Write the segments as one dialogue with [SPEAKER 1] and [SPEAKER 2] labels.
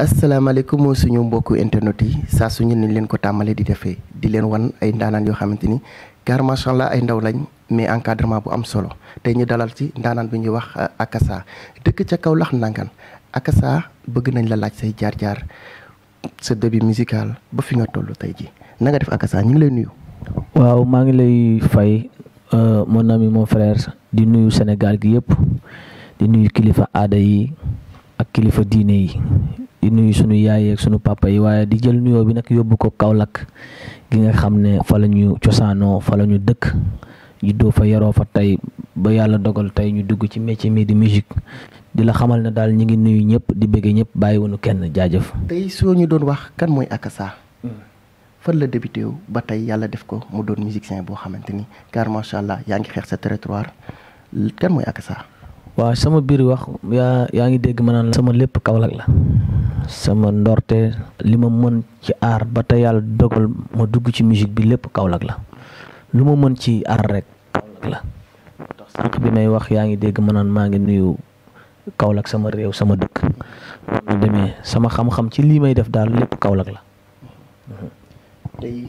[SPEAKER 1] asalaamaaleykum moo suñu mbokk internet yi saa suñu ni leen ko tàmmalee di defee di leen wan ay ndaanaan yoo xamante ni car macha ay ndaw lañ mais encadrement bu am solo tey ñu dalal ci ndaanaan bi ñuy wax Akassa dëkk ca kaw lax nangan Akassa bëgg nañ la laaj say jaar-jaar sa début musical ba fi nga toll tey ji
[SPEAKER 2] na nga def Akassa ñu ngi lay nuyu. waaw maa ngi lay fay euh, mon ami mon frère di nuyu Sénégal gi yépp di nuyu kilifa aada yi ak kilifa diine yi. di nuyu sunu yaay ak sunu papa yi waaye di jël nuyoo bi nag yóbbu ko Kaolack gi nga xam ne fa la ñu cosaanoo fa la ñu dëkk juddoo fa yaroo fa tey ba yàlla dogal tey ñu dugg ci métier mii di musique di la xamal ne daal ñu ngi nuyu ñëpp di bëgg ñëpp bàyyi wunu kenn jaajëf. tey soo ñu doon wax kan mooy Akassa. Hmm. fan la débuté wu ba tey
[SPEAKER 1] yàlla def ko mu doon musicien boo xamante ni car macha allah yaa ngi xeex sa territoire
[SPEAKER 2] kan mooy Akassa. waaw sama biir wax yaa yaa ngi dégg ma naan sama lépp Kaolack la. sama ndorte li ma mën ci aar ba te yàlla dogal ma dugg ci musique bi lépp Kaolack la lu ma mën ci aar rek Kaolack la ndax bi may wax yaa ngi dégg ma maa ngi nuyu Kaolack sama réew sama dëkk ma demee sama xam-xam ci lii may def daal lépp Kaolack la.
[SPEAKER 1] tey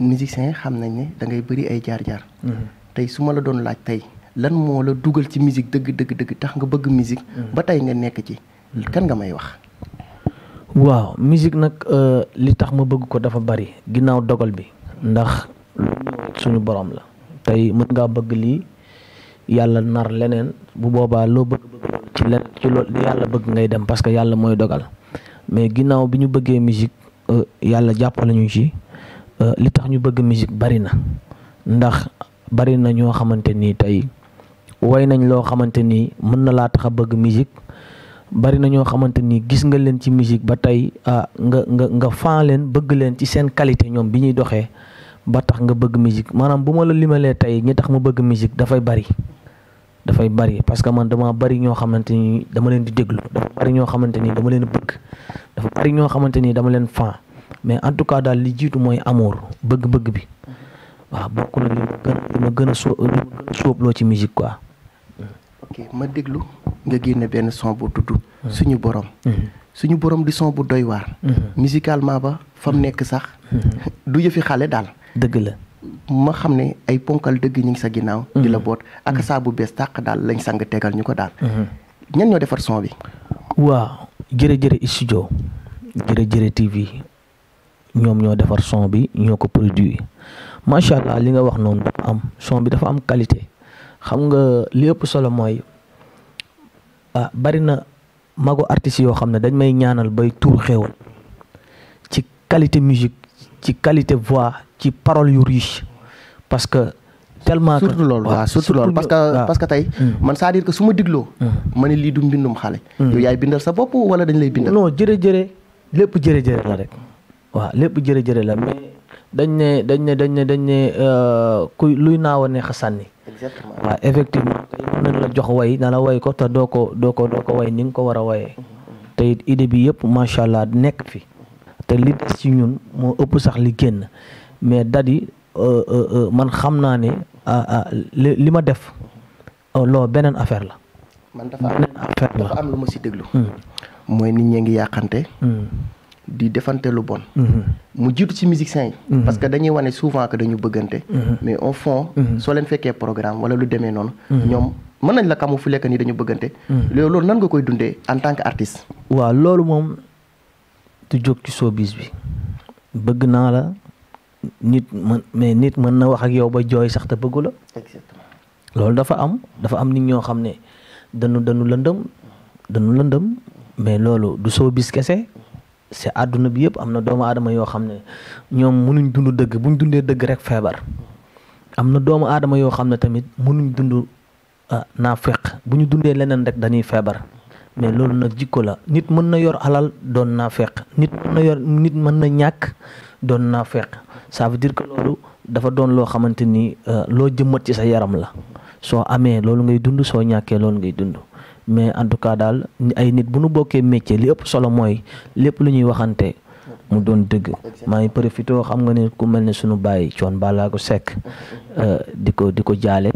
[SPEAKER 1] musicien xam nañ ne da bëri ay jaar-jaar.
[SPEAKER 2] Mhm.
[SPEAKER 1] su ma la doon laaj tey lan moo la dugal ci musique dëgg dëgg dëgg tax nga bëgg musique. Mhm. ba tey nga nekk ci. Mhm. kan nga may wax.
[SPEAKER 2] waaw musique nag euh, li tax ma bëgg ko dafa bari ginnaaw dogal bi ndax suñu borom la tey mën ngaa bëgg li yàlla nar leneen bu boobaa loo bëgg bëgg ci ci loolu yàlla bëgg ngay dem parce que yàlla mooy dogal mais ginnaaw bi ñu bëggee musique euh, yàlla jàpp ñu ci euh, li tax ñu bëgg musique bari na ndax bari na ñoo xamante nii tey woy nañ loo xamante ni mën na laa tax a bëgg musique bari na ñoo xamante ni gis nga leen ci musique ba tey ah, nga nga nga fan leen bëgg leen ci seen qualité ñoom bi ñuy doxee ba tax nga bëgg musique maanaam bu ma la limalee tey ñi tax ma bëgg musique dafay bari dafay bari parce que man dama bari ñoo xamante ni dama leen di déglu dafa bari ñoo xamante ni dama leen bëgg dafa bari xamante ni dama leen fan mais en tout cas daal li jiitu mooy amour bëgg-bëgg bi waaw bokk na li ma gën a li ma ci musique quoi.
[SPEAKER 1] ma déglu. nga génne benn son bu tudd mm-hmm. suñu borom mm-hmm. suñu borom di son bu doy waar mm-hmm. musicalement ba fam nekk sax du yëfi xale daal dëgg la ma xam ne ay ponkal dëgg ñu ngi sa ginnaaw di la boot ak bu bees tàq daal lañ sang tegal ñu ko daal ñan ñoo defar son bi
[SPEAKER 2] waaw jërëjërë studio jërëjërë TV ñoom ñoo defar son bi ñoo ko produit macha allah li nga wax noonu dafa am son bi dafa am qualité xam nga li ëpp solo mooy ah bari na magu artistes yoo xam ne dañ may ñaanal bay tuur xéewal ci qualité musique ci qualité voix ci parole yu riche parce que tellement surtout loolu waaw surtout loolu parce que parce que tey
[SPEAKER 1] man c'est-à-dire que su hmm. ma ne lii du mbindum xale hmm. yow yaay bindal sa bopp wala dañ lay bindal non
[SPEAKER 2] jërë-jërë lépp jërë-jërë la rek waaw lépp jërë-jërë la dañ ne dañ ne dañ ne dañ ne euh, kuy luy naaw a neex a sànni. exactement waaw effectivement mën nañ la jox way na la way ko te doo ko doo ko doo ko way ni nga ko war a wayee. te it idée bi yëpp macha allah nekk fi. te li des ci ñun moo ëpp sax li génn mais dadi euh, euh, man xam naa ne ah, ah, li ma def oh, loo beneen affaire la.
[SPEAKER 1] man dafa ma si déglu. Hmm.
[SPEAKER 2] mooy nit ñi ngi yàqante. Hmm.
[SPEAKER 1] di defante lu bon.
[SPEAKER 2] Mhm.
[SPEAKER 1] mu jiitu ci musiciens yi. Mhm. parce que dañuy wane souvent que dañu bëggante. Mhm. mais au fond. soo leen fekkee programme wala lu demee noonu. ñoom mën nañ la fu lekk nii dañu bëggante. loolu nan nga koy dundee
[SPEAKER 2] en tant que artiste. waaw loolu moom du jóg ci showbiz bi bëgg naa la nit mën mais nit mën na wax ak yow ba jooy sax te bëggu la. loolu dafa am dafa am nit ñoo xam ne dañu dañu lëndëm dañu lëndëm mais loolu du showbiz kese. si àdduna bi yëpp am na doomu aadama yoo xam ne ñoom mënuñ dund dëgg buñ dundee dëgg rek feebar am na doomu aadama yoo xam ne tamit mënuñ dund ah, naa feq bu ñu dundee leneen rek dañuy feebar mais loolu nag jikko la nit mën na yor alal doon naa feq nit mën na yor nit mën na ñàkk doon naa feq ça veut que loolu dafa doon loo xamante ni euh, loo jëmmat ci sa yaram la soo amee loolu ngay dund soo ñàkkee loolu ngay dund mais en tout cas daal ay nit bu nu bokkee métier li ëpp solo mooy lépp lu ñuy waxante mu doon dëgg maa ngi profité xam nga ne ku mel ne sunu bàyyi coon balaa ko sekk di ko di ko jaale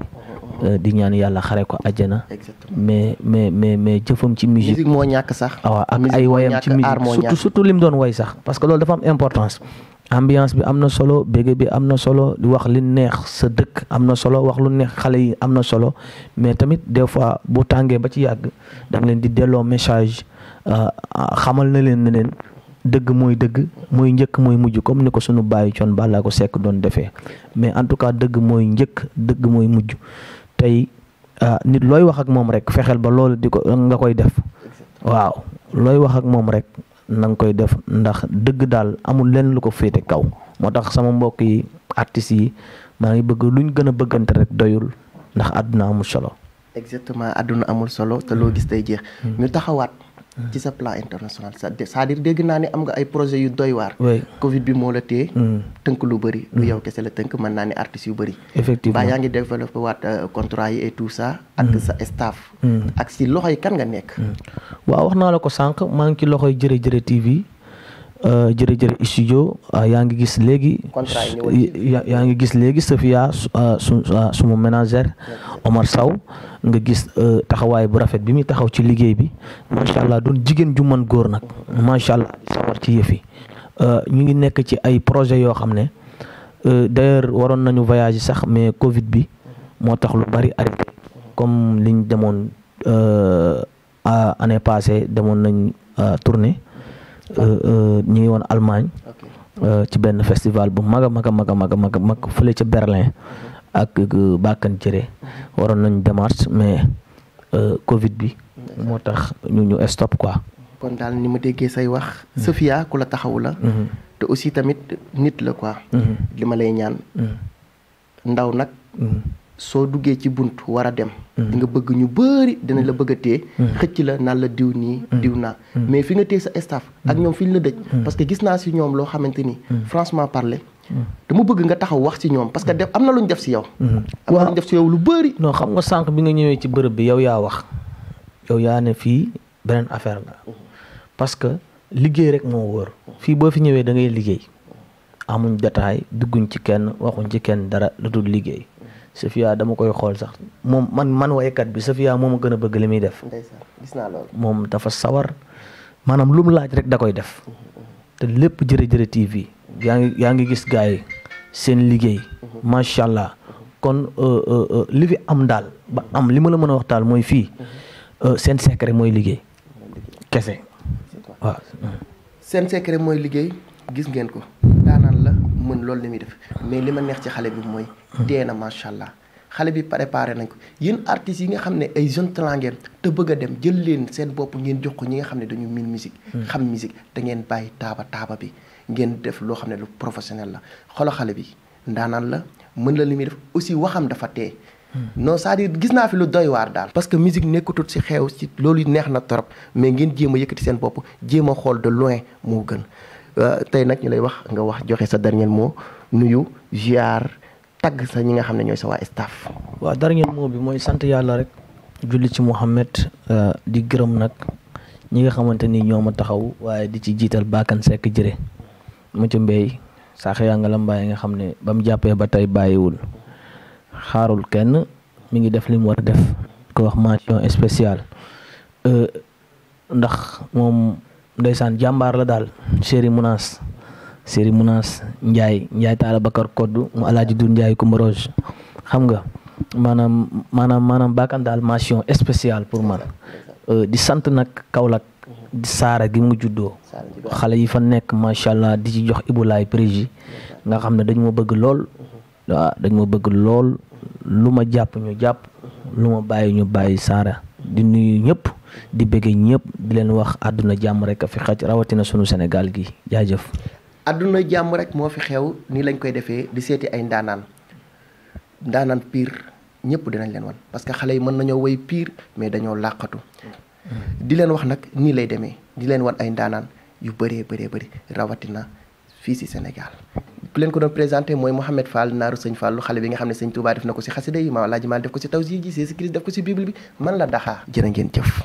[SPEAKER 2] euh, di ñaan yàlla xare ko àjjana mais mais mais mais jëfam ci musique moo ñàkk sax ah waaw ak ay wayam ci musique surtout surtout li mu doon way sax parce que loolu dafa importance ambiance bi am na solo bége bi am na solo wax li neex sa dëkk am na solo wax lu neex xale yi am na solo mais tamit des fois bu tàngee ba ci yàgg da leen di delloo message euh, xamal na leen ne leen dëgg mooy dëgg mooy njëkk mooy mujj comme ni ko sunu bàyyi coon balaa ko sekk doon defee mais en tout cas dëgg mooy njëkk dëgg mooy mujj tey euh, nit looy wax ak moom rek fexeel ba loolu di ko nga koy def waaw looy wax ak moom rek na nga koy def ndax dëgg daal amul lenn lu ko féete kaw moo tax sama mbokk yi artistes yi maa ngi bëgg luñ gën a bëggante rek doyul ndax àdduna amul solo.
[SPEAKER 1] exactement àdduna amul solo te loo gis tey jeex. Hmm. ñu taxawaat. ci sa plan international c'est-à-dire dégg naa ne am nga ay projet yu doy waar Covid bi moo la téye mm. tënk lu bari lu mm. yow kese la tënk mën naa ne yu bëri effectivement baa yaa ngi développé waat euh, contrat yi et tout ça ak mm. sa staff ak si loxoy kan nga nekk
[SPEAKER 2] waa wax naa la ko sànq maa ngi ci loxoy jërëjërë TV Euh, jërëjërë studio euh, yaa ngi gis léegi. yaa ngi gis léegi Safia euh, su sumu ménagère Omar saw nga gis taxawaay bu rafet bi muy taxaw ci liggéey bi macha allah doon jigéen ju man góor nag macha allah sawar ci yëf ñu ngi nekk ci ay projet yoo xam ne d'ailleurs waroon nañu voyage sax mais Covid bi moo tax lu bari arrêté comme liñ demoon année passée demoon nañ tournée. Euh, euh, ñu ngi woon Allemagne. Euh, ci benn festival bu mag a mag a mag a mag a mag ca Berlin. ak bàkkan jëre waroon nañ démarche mais Covid bi. moo tax ñu ñu stop quoi.
[SPEAKER 1] kon daal ni ma déggee say wax. Mm-hmm. Sofia ku la taxawu la. Mm-hmm. te aussi tamit nit la quoi. Mm-hmm. li ñaan. ndaw nag. soo duggee ci bunt war a dem di mm-hmm. nga bëgg ñu bëri dina la bëgg a téye mm-hmm. xëcc la naan la diw nii mm-hmm. diw naa mais fi nga téye sa staff ak ñoom fi ñu la dëj parce que gis naa si ñoom loo xamante ni franchement parler dama bëgg nga taxaw
[SPEAKER 2] wax si ñoom parce que def am na lu ñu def si yow am na lu ñu def si yow lu bëri noo xam nga sànq bi nga ñëwee ci bërëb bi yow yaa wax yow yaa ne fii beneen affaire la parce que liggéey rek moo wóor fii boo fi ñëwee da ngay liggéey amuñ détail dugguñ ci kenn waxuñ ci dara lu dul liggéey Safia dama koy xool sax moom man man waykat bi Safia moom a gën a bëgg la muy def. gis naa loolu moom dafa sawar maanaam lu mu laaj rek da koy def. Mm-hmm. te lépp jërëjërë TV. yaa ngi gis gars seen liggéey. Mm-hmm. macha allah mm-hmm. kon euh, euh, euh, li fi am daal ba am li ma la mën a waxtaal mooy fii seen secret mooy liggéey. kese
[SPEAKER 1] seen secret mooy liggéey gis ngeen ko. mën loolu la muy def mais li ma neex ci xale bi mooy dee na macha allah xale bi préparé nañ ko yéen artistes yi nga xam ne ay jeunes talent ngeen te bëgg a dem jël leen seen bopp ngeen jox ko ñi nga xam ne dañu miin musique hmm. xam musique da ngeen bàyyi taaba taaba bi ngeen def loo xam ne lu professionnel la xolo xale bi ndaanaan la mën la li muy def aussi waxam dafa tee hmm. noo cest à gis naa fi lu doy waar daal parce que musique nekkutut ci xeew ci loolu neex na trop mais ngeen a yëkkati seen bopp jéem a xool de loin moo gën Euh, tey nag ñu lay wax nga wax joxe sa dernier moo nuyu
[SPEAKER 2] ziar tagg sa ñi nga xam ne ñooy sa waa staff. waaw dernier mot bi mooy sant yàlla rek. julli ci Mouhamed euh, di gërëm nag ñi nga xamante ni ñoo ma taxaw waaye di ci jiital baakan Seck jëre mu ci mbéy sax yaa nga la mbaay nga xam ne ba mu jàppee ba tey bàyyiwul xaarul kenn mu ngi def li mu war a def ko wax mention spéciale euh, ndax moom. ndeysaan jàmbaar la daal chéri Mounas chéri Mounas Ndiaye Ndiaye Talla Koddu mu alaaji Doudou Ndiaye Coumba Rose xam nga maanaam maanaam maanaam baakan daal mention spéciale pour man euh, di sant nag Kaolack di saara gi mu juddoo xale yi fa nekk macha allah di ci jox ibulaay prési nga xam ne dañu ma bëgg lool waaw dañu ma bëgg lool lu ma jàpp ñu jàpp lu ma bàyyi ñu bàyyi saara di nuyu ñëpp di bëgg ñëpp di leen wax àdduna jàmm rek a fi xaj rawatina sunu senegal gi jaajëf.
[SPEAKER 1] àdduna jàmm rek moo fi xew nii lañ koy defee di seeti ay ndaanaan ndaanaan pire ñëpp dinañ leen wan parce que xale yi mën nañoo woy pire mais dañoo làqatu di leen wax nag nii lay demee di leen wan ay ndaanaan yu bëree bëree bëri rawatina fii si Sénégal. bu leen ko doon présenté mooy Mouhamed Fall naaru sëñ Fallu xale bi nga xam ne sëñ Touba def na ko si xasida yi Maam Alaaji Maal def ko si tawsiir ko si bible bi man la daxaa
[SPEAKER 2] jërë ngeen jëf